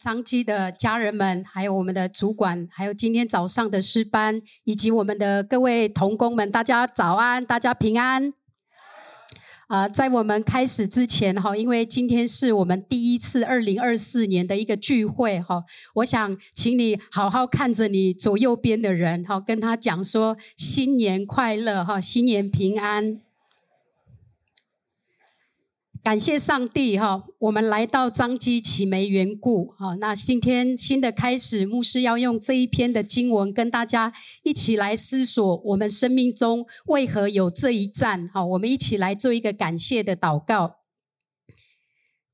張基的家人們，還有我們的主管，還有今天早上的師班，以及我們的各位同工們，大家早安，大家平安。啊、嗯呃，在我們開始之前哈，因為今天是我們第一次二零二四年的一個聚會哈，我想請你好好看着你左右邊的人哈，跟他講說新年快樂哈，新年平安。感謝上帝哈，我們來到張機豈沒緣故哈。那今天新的開始，牧師要用這一篇的經文跟大家一起來思索我們生命中為何有這一站哈。我們一起來做一個感謝的禱告。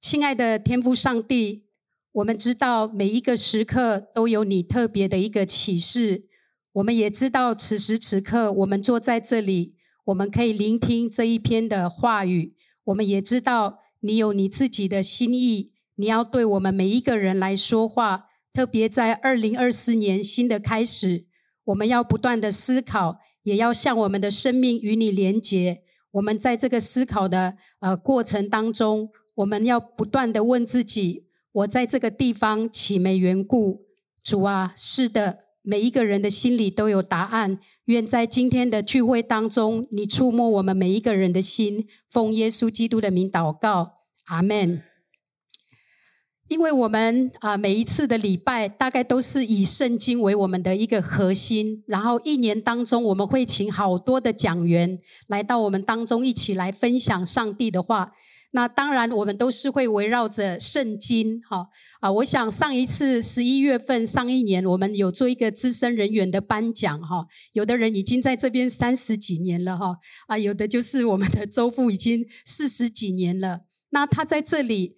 親愛的天父上帝，我們知道每一個時刻都有你特別的一個啟示，我們也知道此時此刻我們坐在這裡，我們可以聆聽這一篇的話語。我們也知道，你有你自己的心意，你要對我們每一個人來說話。特別在二零二四年新的開始，我們要不斷的思考，也要向我們的生命與你連結。我們在這個思考的呃過程當中，我們要不斷的問自己：我在這個地方豈沒緣故？主啊，是的，每一個人的心裡都有答案。願在今天的聚會當中，你觸摸我們每一個人的心，奉耶穌基督的名禱告，阿門。因為我們啊，每一次的禮拜大概都是以聖經為我們的一個核心，然後一年當中我們會請好多的講員來到我們當中一起來分享上帝的話。那當然，我們都是會圍繞着聖經，哈啊！我想上一次十一月份上一年，我們有做一個資深人員的頒獎，哈，有的人已經在這邊三十幾年了，哈啊，有的就是我們的周父已經四十幾年了。那他在這裡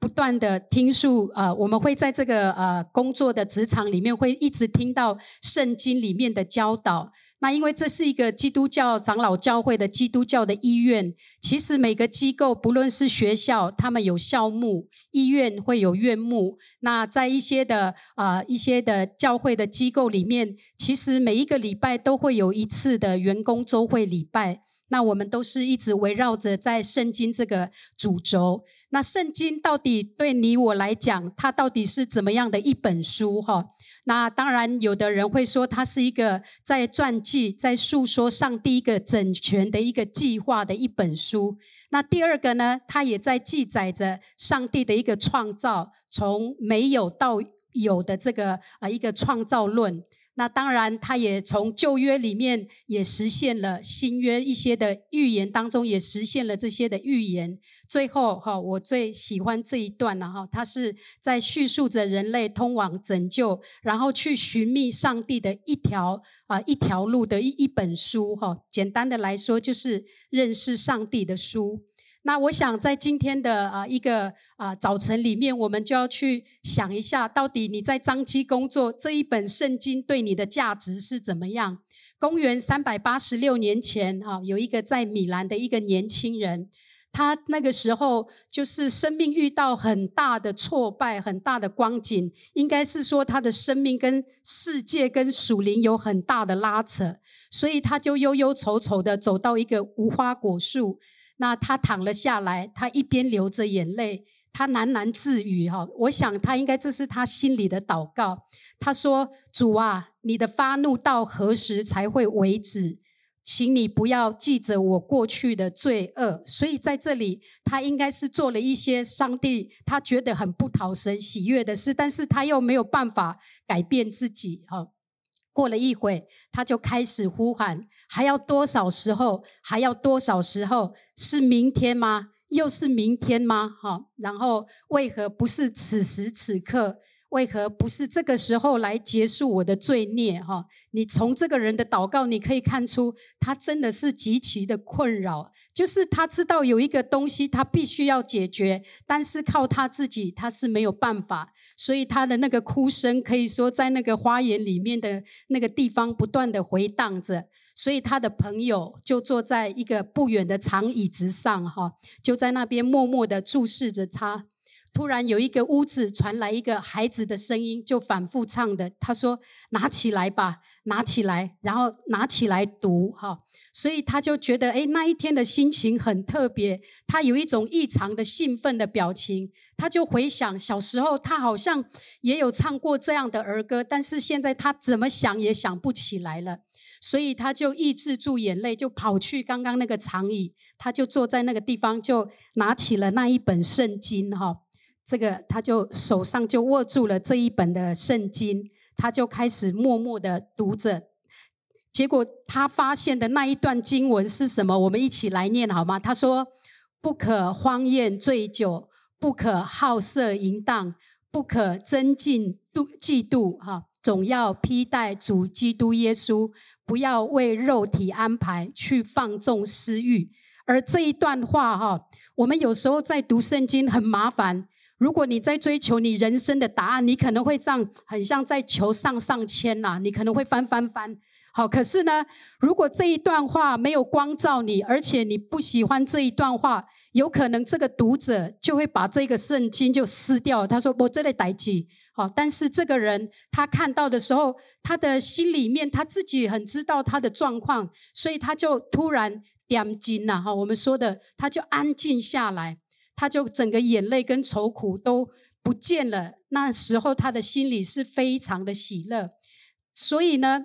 不斷地聽述啊，我們會在這個呃工作的職場裡面，會一直聽到聖經裡面的教導。那因為這是一個基督教長老教會的基督教的醫院，其實每個機構不論是學校，他們有校牧、醫院會有院牧。那在一些的啊、呃、一些的教會的機構裡面，其實每一個禮拜都會有一次的員工週會禮拜。那我們都是一直圍繞着在聖經這個主軸。那聖經到底對你我來講，它到底是怎麼樣的一本書？哈。那當然，有的人會說，它是一個在傳記、在訴說上帝一個整全的一個計劃的一本書。那第二個呢，它也在記載着上帝的一個創造，從沒有到有的這個啊一個創造論。那當然，他也從舊約裡面也實現了新約一些的預言，當中也實現了這些的預言。最後哈，我最喜歡這一段了哈，它是在敘述着人類通往拯救，然後去尋覓上帝的一條啊一條路的一一本書哈。簡單的來說，就是認識上帝的書。那我想在今天的啊一個啊早晨裡面，我們就要去想一下，到底你在彰基工作這一本聖經對你的價值是怎麼樣？公元三百八十六年前，哈，有一個在米蘭的一個年輕人，他那個時候就是生命遇到很大的挫敗，很大的光景，應該是說他的生命跟世界跟屬靈有很大的拉扯，所以他就憂憂愁愁地走到一個無花果樹。那他躺了下來，他一邊流着眼淚，他喃喃自語：“哈，我想他應該這是他心裡的禱告。他說：主啊，你的發怒到何時才會為止？請你不要記着我過去的罪惡。所以在這裡，他應該是做了一些上帝他覺得很不討神喜悅的事，但是他又沒有辦法改變自己，哈。”過了一會，他就開始呼喊：“還要多少時候？還要多少時候？是明天嗎？又是明天嗎？好，然後為何不是此時此刻？”為何不是這個時候來結束我的罪孽？哈，你從這個人的禱告，你可以看出他真的是極其的困擾。就是他知道有一個東西他必須要解決，但是靠他自己他是沒有辦法，所以他的那個哭聲可以說在那個花園裡面的那個地方不斷的回盪着。所以他的朋友就坐在一個不遠的長椅子上，哈，就在那邊默默的注視着他。突然有一個屋子傳來一個孩子的聲音，就反覆唱的。他說：“拿起來吧，拿起來，然後拿起來讀，哈、哦。”所以他就覺得，哎，那一天的心情很特別。他有一種異常的興奮的表情。他就回想小時候，他好像也有唱過這樣的兒歌，但是現在他怎麼想也想不起來了。所以他就抑制住眼淚，就跑去剛剛那個長椅，他就坐在那個地方，就拿起了那一本聖經，哈、哦。這個他就手上就握住了這一本的聖經，他就開始默默地讀着。結果他發現的那一段經文是什麼？我們一起來念好嗎？他說：“不可荒宴醉酒，不可好色淫蕩，不可爭競妒嫉妒。哈，總要披戴主基督耶穌，不要為肉體安排去放縱私慾。”而這一段話哈，我們有時候在讀聖經很麻煩。如果你在追求你人生的答案，你可能會這樣，很像在求上上籤吶、啊。你可能會翻翻翻，好。可是呢，如果這一段話沒有光照你，而且你不喜歡這一段話，有可能這個讀者就會把這個聖經就撕掉。他說：“我這裡待機。”好，但是這個人他看到的時候，他的心裡面他自己很知道他的狀況，所以他就突然點睛了。哈，我們說的，他就安靜下來。他就整個眼淚跟愁苦都不見了。那時候他的心裡是非常的喜樂，所以呢，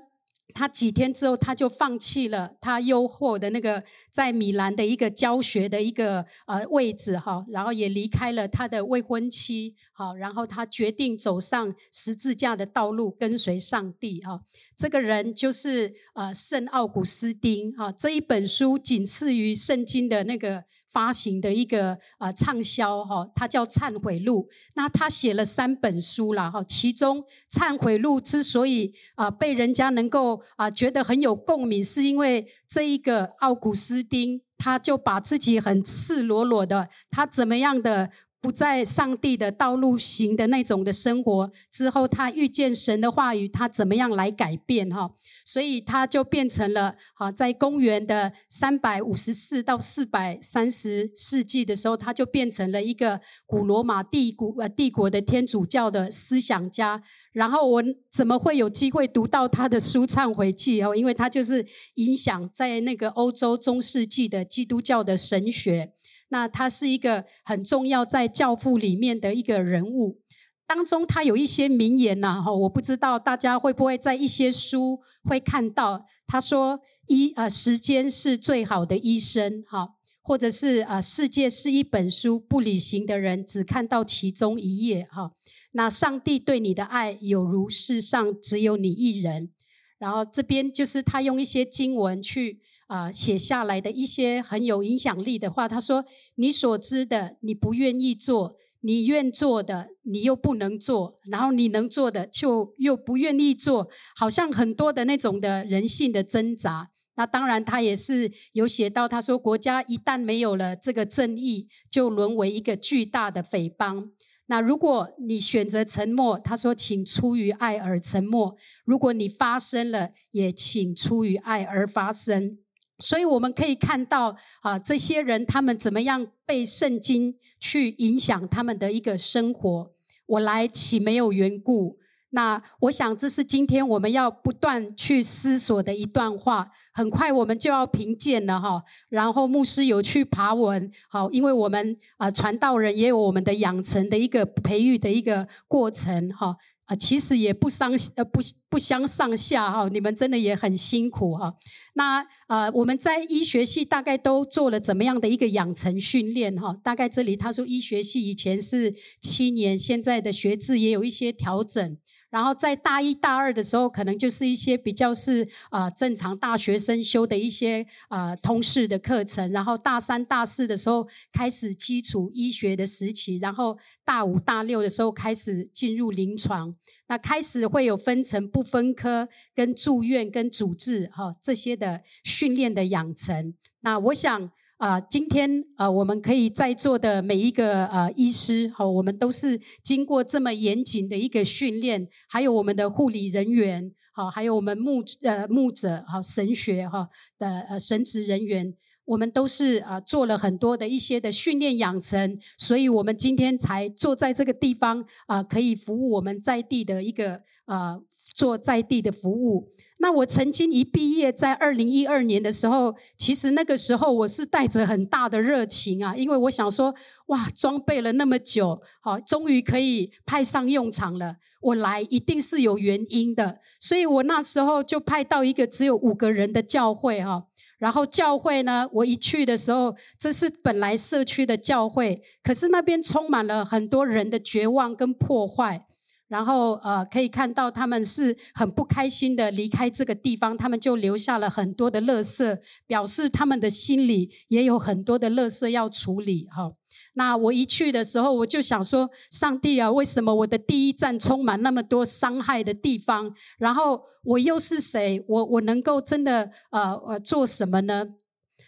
他幾天之後他就放棄了他誘惑的那個在米蘭的一個教學的一個呃位置哈，然後也離開了他的未婚妻。好，然後他決定走上十字架的道路，跟隨上帝哈，這個人就是呃聖奧古斯丁啊。這一本書僅次於聖經的那個。發行的一個呃暢銷哈，他叫《懺悔錄》。那他寫了三本書啦，哈，其中《懺悔錄》之所以啊、呃、被人家能夠啊、呃、覺得很有共鳴，是因為這一個奧古斯丁，他就把自己很赤裸裸的，他怎麼樣的？不在上帝的道路行的那種的生活之後，他遇見神的話語，他怎麼樣來改變哈？所以他就變成了哈，在公元的三百五十四到四百三十世紀的時候，他就變成了一個古羅馬帝國呃帝國的天主教的思想家。然後我怎麼會有機會讀到他的書，懺悔錄哦？因為他就是影響在那個歐洲中世紀的基督教的神學。那他是一個很重要在《教父》裡面的一個人物，當中他有一些名言吶，哈，我不知道大家會不會在一些書會看到，他說一呃，時間是最好的醫生，哈，或者是呃，世界是一本書，不旅行的人只看到其中一頁，哈。那上帝對你的愛有如世上只有你一人，然後這邊就是他用一些經文去。啊、呃，寫下來的一些很有影響力的話。他說：“你所知的，你不願意做；你願做的，你又不能做；然後你能做的，就又不願意做。好像很多的那種的人性的掙扎。那當然，他也是有寫到，他說：國家一旦沒有了這個正義，就淪為一個巨大的匪幫。那如果你選擇沉默，他說，請出於愛而沉默；如果你發聲了，也請出於愛而發聲。”所以我們可以看到啊、呃，這些人他們怎麼樣被聖經去影響他們的一個生活。我來豈沒有緣故？那我想這是今天我們要不斷去思索的一段話。很快我們就要評鑑了哈。然後牧師有去爬文，好，因為我們啊傳道人也有我們的養成的一個培育的一個過程哈。啊，其實也不相，呃，不不相上下哈，你們真的也很辛苦哈。那呃，我們在醫學系大概都做了怎麼樣的一個養成訓練哈？大概這裡他說醫學系以前是七年，現在的學制也有一些調整。然後在大一大二的時候，可能就是一些比較是啊、呃、正常大學生修的一些啊通識的課程。然後大三大四的時候開始基礎醫學的時期，然後大五大六的時候開始進入臨床。那開始會有分成不分科跟住院跟主治哈、哦、這些的訓練的養成。那我想。啊，今天啊，我們可以在座的每一個啊醫師，哈，我們都是經過這麼嚴謹的一個訓練，還有我們的護理人員，好，還有我們牧呃牧者，好，神學哈的呃神職人員，我們都是啊做了很多的一些的訓練養成，所以我們今天才坐在這個地方啊，可以服務我們在地的一個啊做在地的服務。那我曾經一畢業，在二零一二年的時候，其實那個時候我是帶着很大的熱情啊，因為我想說，哇，裝備了那麼久，好，終於可以派上用場了。我來一定是有原因的，所以我那時候就派到一個只有五個人的教會哈、啊。然後教會呢，我一去的時候，這是本來社區的教會，可是那邊充滿了很多人的絕望跟破壞。然後呃，可以看到他們是很不開心的離開這個地方，他們就留下了很多的垃圾，表示他們的心裡也有很多的垃圾要處理哈。那我一去的時候，我就想說，上帝啊，為什麼我的第一站充滿那麼多傷害的地方？然後我又是誰？我我能夠真的呃呃做什麼呢？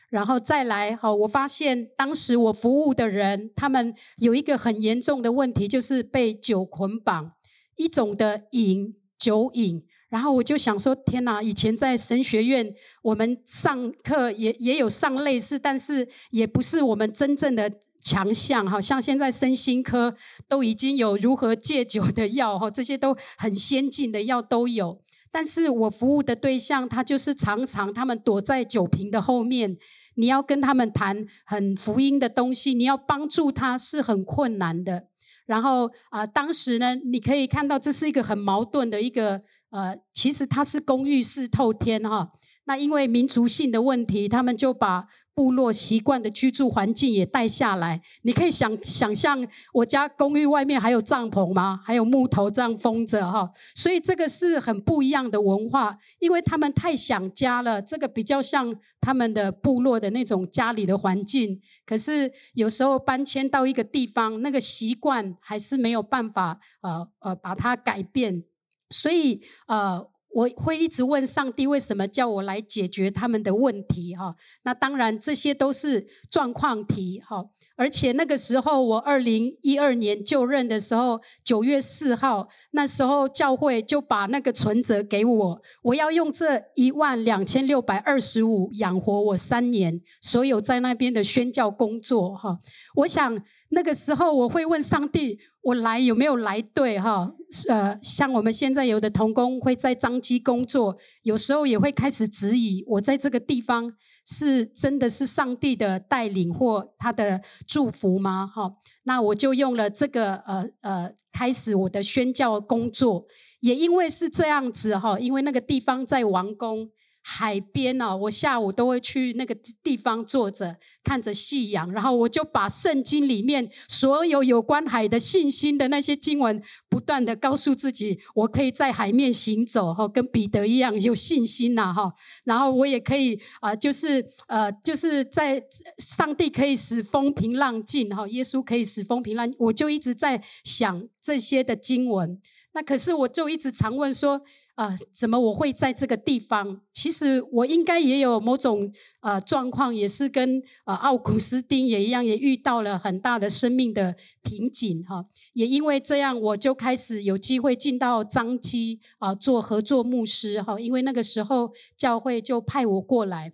然後再來哈，我發現當時我服務的人，他們有一個很嚴重的問題，就是被酒捆綁。一種的飲酒癮，然後我就想說：天哪！以前在神學院，我們上課也也有上類似，但是也不是我們真正的強項。好像現在身心科都已經有如何戒酒的藥，哈，這些都很先進的藥都有。但是我服務的對象，他就是常常他們躲在酒瓶的後面，你要跟他們談很福音的東西，你要幫助他是很困難的。然後啊、呃，當時呢，你可以看到這是一個很矛盾的一個呃，其實，它是公寓式透天哈、哦，那因為民族性的問題，他們就把。部落習慣的居住環境也帶下來，你可以想想象，我家公寓外面還有帳篷嗎？還有木頭這樣封着哈、哦，所以這個是很不一樣的文化，因為他們太想家了，這個比較像他們的部落的那種家裡的環境。可是有時候搬遷到一個地方，那個習慣還是沒有辦法呃呃把它改變，所以呃。我會一直問上帝，為什麼叫我來解決他們的問題？哈，那當然這些都是狀況題，哈。而且那個時候，我二零一二年就任的時候，九月四號，那時候教會就把那個存折給我，我要用這一萬兩千六百二十五養活我三年，所有在那邊的宣教工作哈。我想那個時候我會問上帝，我來有沒有來對哈？呃，像我們現在有的同工會在彰基工作，有時候也會開始質疑我在這個地方，是真的是上帝的帶領或他的祝福嗎？哈，那我就用了這個呃呃，開始我的宣教工作，也因為是這樣子哈，因為那個地方在王宮，海邊、哦、我下午都會去那個地方坐着，看着夕陽，然後我就把聖經裡面所有有關海的信心的那些經文，不斷的告訴自己，我可以在海面行走，哈、哦，跟彼得一樣有信心吶、啊，哈、哦。然後我也可以啊、呃，就是呃，就是在上帝可以使風平浪靜，哈、哦，耶穌可以使風平浪靜，我就一直在想這些的經文。那可是我就一直常問說。啊，怎麼我會在這個地方？其實我應該也有某種啊狀況，也是跟啊奧古斯丁也一樣，也遇到了很大的生命的瓶頸哈。也因為這樣，我就開始有機會進到彰基，啊做合作牧師哈。因為那個時候教會就派我過來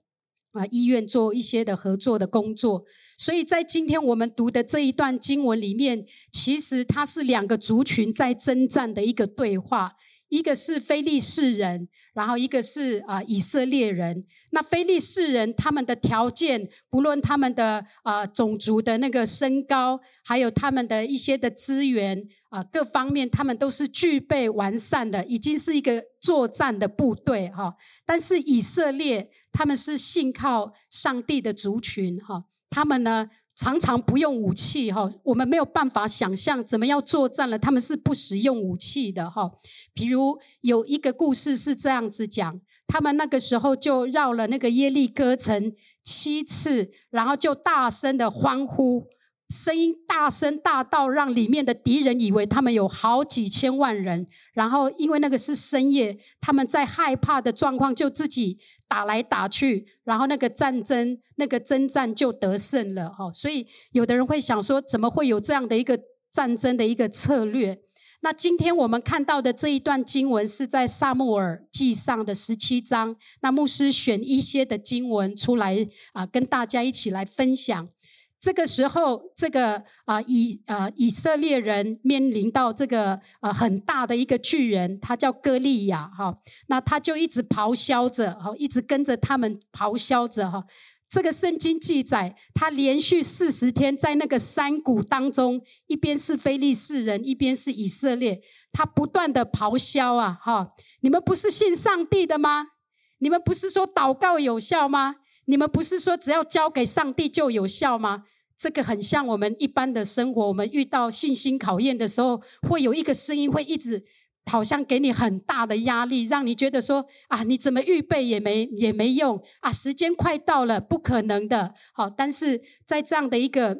啊醫院做一些的合作的工作。所以在今天我們讀的這一段經文裡面，其實它是兩個族群在征戰的一個對話。一個是非利士人，然後一個是啊以色列人。那非利士人他們的條件，不論他們的啊、呃、種族的那個身高，還有他們的一些的資源啊、呃、各方面，他們都是具備完善的，已經是一個作戰的部隊哈、哦。但是以色列他們是信靠上帝的族群哈、哦，他們呢。常常不用武器哈，我們沒有辦法想象怎麼樣作戰了。他們是不使用武器的哈，比如有一個故事是這樣子講，他們那個時候就繞了那個耶利哥城七次，然後就大聲的歡呼。聲音大聲大到讓裡面的敵人以為他們有好幾千萬人，然後因為那個是深夜，他們在害怕的狀況就自己打來打去，然後那個戰爭那個征戰就得勝了哦。所以有的人會想說，怎麼會有這樣的一個戰爭的一個策略？那今天我們看到的這一段經文是在撒母耳記上的十七章，那牧師選一些的經文出來啊，呃，跟大家一起來分享。這個時候，這個啊以啊、呃、以色列人面臨到這個啊、呃、很大的一個巨人，他叫歌利亞哈、哦。那他就一直咆哮着哈、哦，一直跟着他們咆哮着哈、哦。這個聖經記載，他連續四十天在那個山谷當中，一邊是非利士人，一邊是以色列，他不斷的咆哮啊哈、哦。你們不是信上帝的嗎？你們不是說禱告有效嗎？你們不是說只要交給上帝就有效嗎？這個很像我們一般的生活，我們遇到信心考驗的時候，會有一個聲音會一直，好像給你很大的壓力，讓你覺得說啊，你怎麼預備也沒也沒用啊，時間快到了，不可能的。好、哦，但是在這樣的一個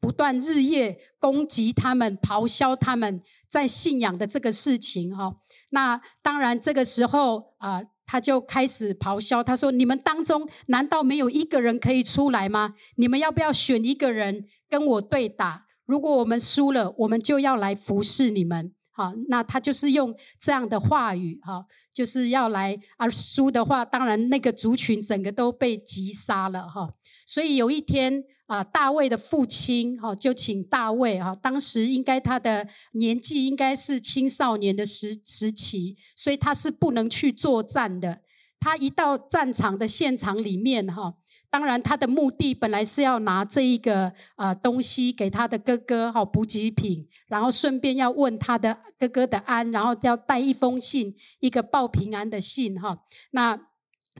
不斷日夜攻擊他們、咆哮他們在信仰的這個事情，哈、哦，那當然這個時候啊。呃他就開始咆哮，他說：“你們當中難道沒有一個人可以出來嗎？你們要不要選一個人跟我對打？如果我們輸了，我們就要來服侍你們。好，那他就是用這樣的話語，哈，就是要來。而、啊、輸的話，當然那個族群整個都被擊殺了，哈。”所以有一天啊，大衛的父親哈就請大衛哈，當時應該他的年紀應該是青少年的時時期，所以他是不能去作戰的。他一到戰場的現場裡面哈，當然他的目的本來是要拿這一個啊東西給他的哥哥哈補給品，然後順便要問他的哥哥的安，然後要帶一封信，一個報平安的信哈。那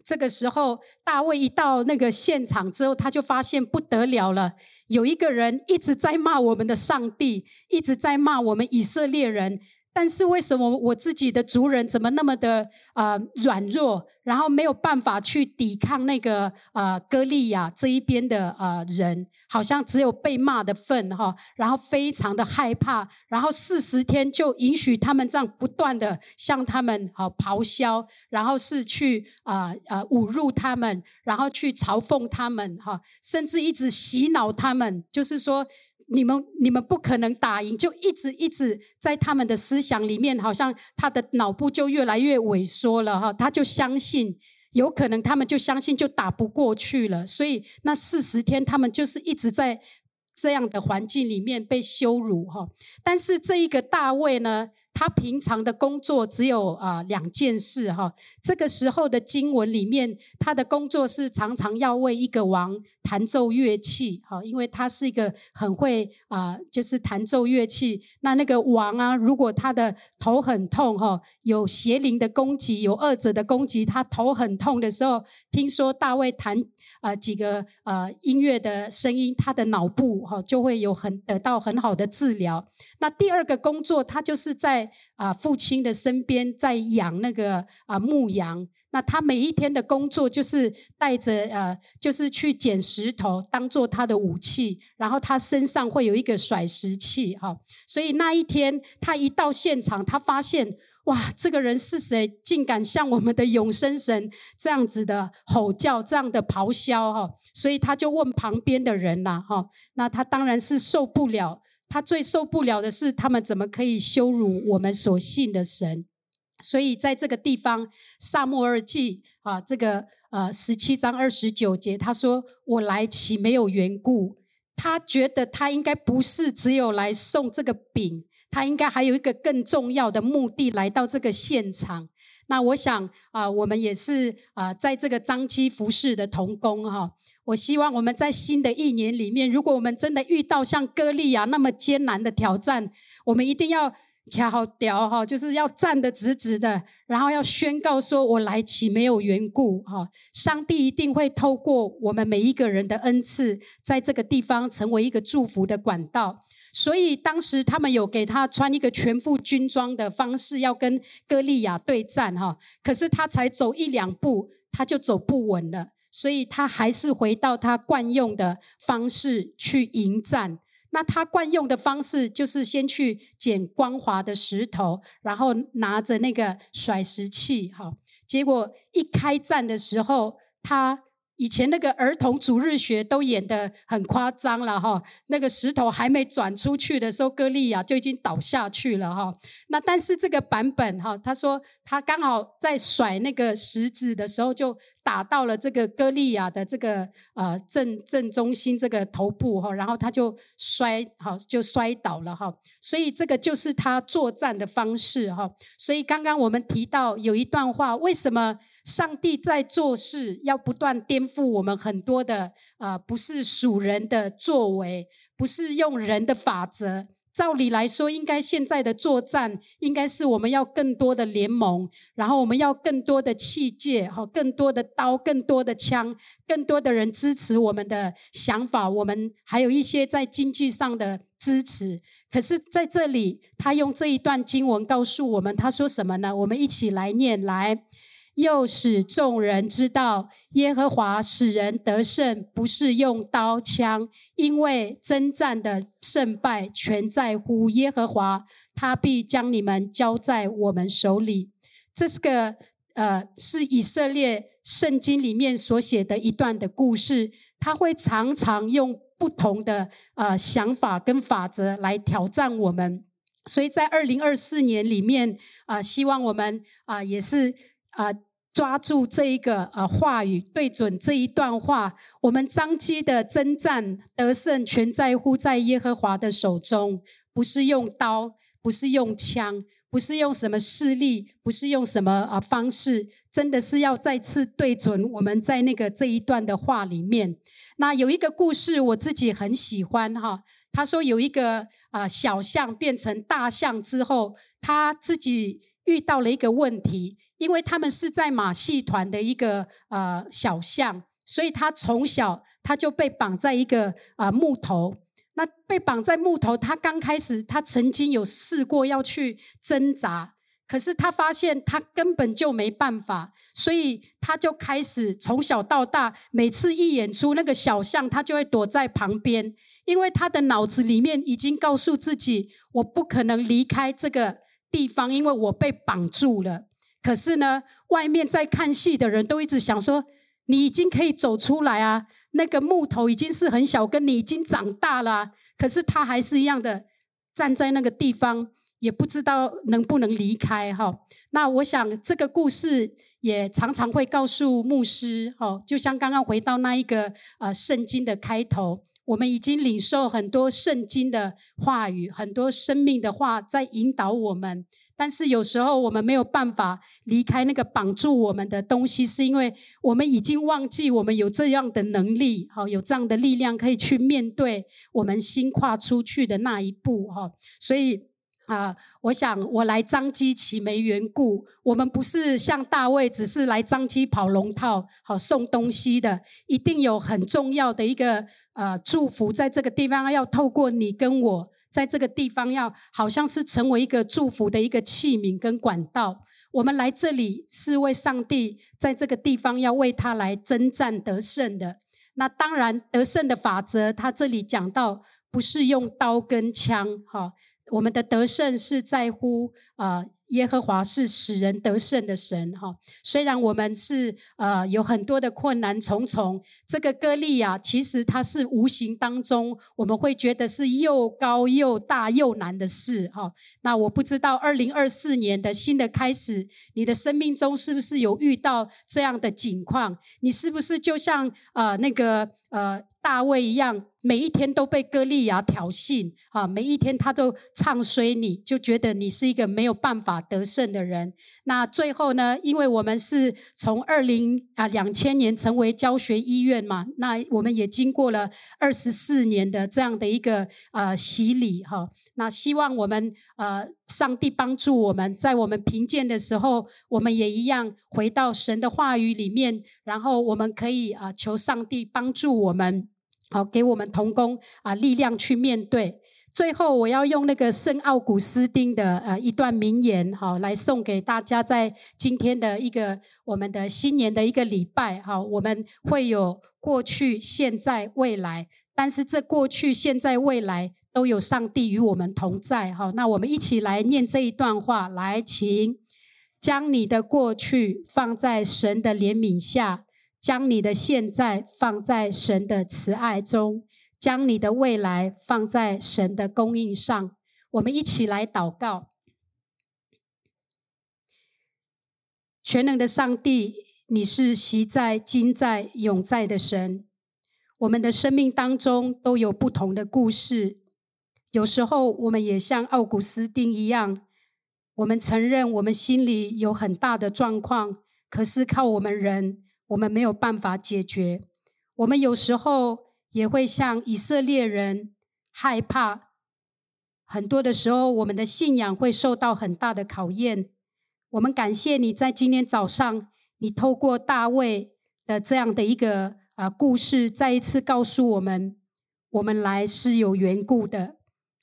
這個時候，大衛一到那個現場之後，他就發現不得了了。有一個人一直在罵我們的上帝，一直在罵我們以色列人。但是，為什麼我自己的族人怎麼那麼的啊、呃、軟弱，然後沒有辦法去抵抗那個啊、呃、歌利亞這一邊的啊、呃、人，好像只有被罵的份哈、哦，然後非常的害怕，然後四十天就允許他們這樣不斷的向他們啊、哦、咆哮，然後是去啊啊、呃呃、侮辱他們，然後去嘲諷他們哈、哦，甚至一直洗腦他們，就是說。你們你們不可能打贏，就一直一直在他們的思想裡面，好像他的腦部就越來越萎縮了哈，他就相信，有可能他們就相信就打不過去了，所以那四十天他們就是一直在這樣的環境裡面被羞辱哈，但是這一個大衛呢？他平常的工作只有啊、呃、兩件事哈、哦。這個時候的經文裡面，他的工作是常常要為一個王彈奏樂器哈、哦，因為他是一個很會啊、呃，就是彈奏樂器。那那個王啊，如果他的頭很痛哈、哦，有邪靈的攻擊，有惡者的攻擊，他頭很痛的時候，聽說大衛彈呃幾個呃音樂的聲音，他的腦部哈、哦，就會有很得到很好的治療。那第二個工作，他就是在。啊，父親的身邊在養那個啊牧羊，那他每一天的工作就是帶着呃，就是去撿石頭當做他的武器，然後他身上會有一個甩石器哈、哦。所以那一天他一到現場，他發現哇，這個人是誰？竟敢向我們的永生神這樣子的吼叫，這樣的咆哮哈、哦！所以他就問旁邊的人啦哈、哦，那他當然是受不了。他最受不了的是，他們怎麼可以羞辱我們所信的神？所以在這個地方，撒母耳記啊，這個呃十七章二十九節，他說：“我來豈沒有緣故？”他覺得他應該不是只有來送這個餅，他應該還有一個更重要的目的來到這個現場。那我想啊、呃，我們也是啊、呃，在這個長期服侍的同工哈。啊我希望我們在新的一年裡面，如果我們真的遇到像歌利亞那麼艱難的挑戰，我們一定要調好調哈，就是要站得直直的，然後要宣告說：“我來豈沒有緣故哈。”上帝一定會透過我們每一個人的恩賜，在這個地方成為一個祝福的管道。所以當時他們有給他穿一個全副軍裝的方式，要跟歌利亞對戰哈。可是他才走一兩步，他就走不穩了。所以他還是回到他慣用的方式去迎戰。那他慣用的方式就是先去撿光滑的石頭，然後拿着那個甩石器，哈。結果一開戰的時候，他。以前那個兒童主日學都演得很誇張了哈，那個石頭還沒轉出去的時候，歌利亞就已經倒下去了哈。那但是這個版本哈，他說他剛好在甩那個石子的時候，就打到了這個歌利亞的這個呃，正正中心這個頭部哈，然後他就摔好就摔倒了哈。所以這個就是他作戰的方式哈。所以剛剛我們提到有一段話，為什麼？上帝在做事，要不斷顛覆我們很多的呃，不是屬人的作為，不是用人的法則。照理來說，應該現在的作戰應該是我們要更多的聯盟，然後我們要更多的器械，更多的刀，更多的槍，更多的人支持我們的想法，我們還有一些在經濟上的支持。可是在這裡，他用這一段經文告訴我們，他說什麼呢？我們一起來念來。又使眾人知道，耶和華使人得勝，不是用刀槍，因為爭戰的勝敗全在乎耶和華，他必將你們交在我們手裡。這是個呃，是以色列聖經裡面所寫的一段的故事。他會常常用不同的呃想法跟法則來挑戰我們，所以在二零二四年裡面啊、呃，希望我們啊、呃、也是。啊，抓住這一個啊話語，對準這一段話，我們張機的征戰得勝，全在乎在耶和華的手中，不是用刀，不是用槍，不是用什麼勢力，不是用什麼啊方式，真的是要再次對準我們在那個這一段的話裡面。那有一個故事，我自己很喜歡哈。他說有一個啊小象變成大象之後，他自己。遇到了一個問題，因為他們是在馬戲團的一個呃小象，所以他從小他就被綁在一個啊、呃、木頭。那被綁在木頭，他剛開始他曾經有試過要去掙扎，可是他發現他根本就沒辦法，所以他就開始從小到大，每次一演出那個小象，他就會躲在旁邊，因為他的腦子裡面已經告訴自己，我不可能離開這個。地方，因為我被綁住了。可是呢，外面在看戲的人都一直想說：“你已經可以走出來啊，那個木頭已經是很小，跟你已經長大了啊。”可是他還是一樣的站在那個地方，也不知道能不能離開哈。那我想這個故事也常常會告訴牧師哈，就像剛剛回到那一個呃聖經的開頭。我們已經領受很多聖經的話語，很多生命的話在引導我們，但是有時候我們沒有辦法離開那個綁住我們的東西，是因為我們已經忘記我們有這樣的能力，哈，有這樣的力量可以去面對我們新跨出去的那一步，哈，所以。啊，我想我來這裡豈沒緣故，我們不是像大衛，只是來這裡跑龍套，好送東西的，一定有很重要的一個呃祝福，在這個地方要透過你跟我，在這個地方要好像是成為一個祝福的一個器皿跟管道。我們來這裡是為上帝在這個地方要為他來征戰得勝的，那當然得勝的法則，他這裡講到不是用刀跟槍，哈。我們的得勝是在乎啊。呃耶和華是使人得勝的神，哈！雖然我們是呃有很多的困難重重，這個歌利亞其實它是無形當中我們會覺得是又高又大又難的事，哈、哦！那我不知道二零二四年的新的開始，你的生命中是不是有遇到這樣的情況？你是不是就像呃那個呃大衛一樣，每一天都被歌利亞挑釁啊，每一天他都唱衰你，就覺得你是一個沒有辦法。得勝的人，那最後呢？因為我們是從二零啊兩千年成為教學醫院嘛，那我們也經過了二十四年的這樣的一個呃洗禮哈、哦。那希望我們呃，上帝幫助我們在我們貧賤的時候，我們也一樣回到神的話語裡面，然後我們可以啊、呃，求上帝幫助我們，好、哦、給我們同工啊、呃、力量去面對。最後，我要用那個聖奧古斯丁的呃一段名言，哈，來送給大家，在今天的一個我們的新年的一個禮拜，哈，我們會有過去、現在、未來，但是這過去、現在、未來都有上帝與我們同在，哈。那我們一起來念這一段話，來，請將你的過去放在神的憐憫下，將你的現在放在神的慈愛中。將你的未來放在神的供應上，我們一起來禱告。全能的上帝，你是昔在、今在、永在的神。我們的生命當中都有不同的故事，有時候我們也像奧古斯丁一樣，我們承認我們心裡有很大的狀況，可是靠我們人，我們沒有辦法解決。我們有時候。也會像以色列人害怕，很多的時候，我們的信仰會受到很大的考驗。我們感謝你在今天早上，你透過大衛的這樣的一個啊故事，再一次告訴我們，我們來是有緣故的，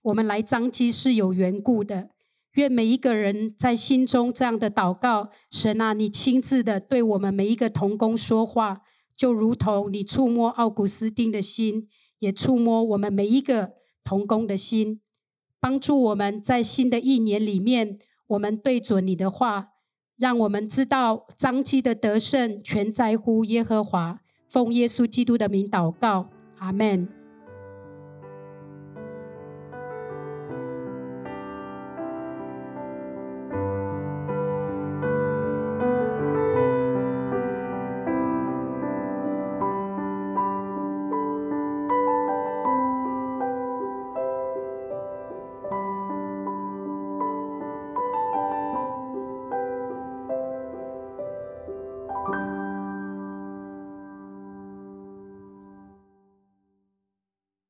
我們來彰基是有緣故的。願每一個人在心中這樣的禱告：神啊，你親自的對我們每一個同工說話。就如同你觸摸奧古斯丁的心，也觸摸我們每一個同工的心，幫助我們在新的一年裡面，我們對準你的話，讓我們知道爭戰的得勝全在乎耶和華，奉耶穌基督的名禱告，阿們。